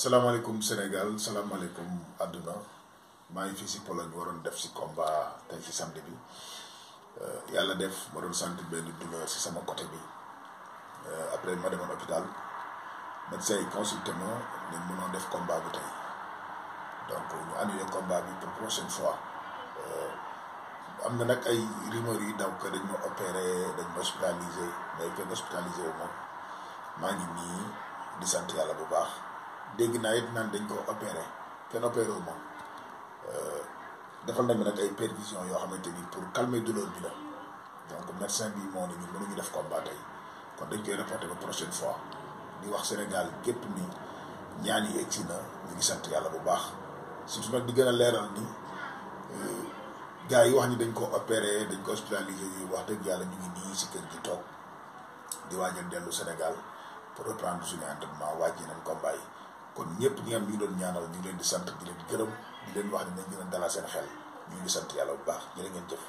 salaamaaleykum Sénégal salaamaaleykum àdduna maa ngi fi si Pologne waroon def si combat tey fi samedi bi euh, yàlla def ma doon sant benn douleur si sama côté bi euh, après ma demoon hôpital médecin yi consulté ma ne mënoon def combat bi tey donc ñu annulé combat bi pour prochaine fois euh, am na nag ay rumeur yi daw que dañ ma dañ ma hospitalisé mais fekk hospitalisé maa ngi nii di sant yàlla bu baax. léegi naa it naan dañ ko opéré kenn opéré wu moom euh, defal nañu nag ay perfusion yoo xamante ni pour calmer douleur bi la donc médecin bi moo ne ñu mënuñu def combat tey kon dañ koy reporté ba prochaine fois di wax Sénégal gépp ni ñaan yi egsi na ñu ngi sant yàlla bu baax surtout nag di gën a leeral ni euh, gars yi wax ni dañ ko opéré dañ ko hospitalisé yi wax dëgg yàlla ñu ngi nii si kër gi toog di waajal dellu Sénégal pour reprendre suñu entraînement wàcc nañ combat yi kon ñëpp ñi am doon ñaanal ñu leen di sant di leen gërëm di leen wax ne nañ gën seen xel ñu ngi sant yàlla bu baax jërë ngeen jëf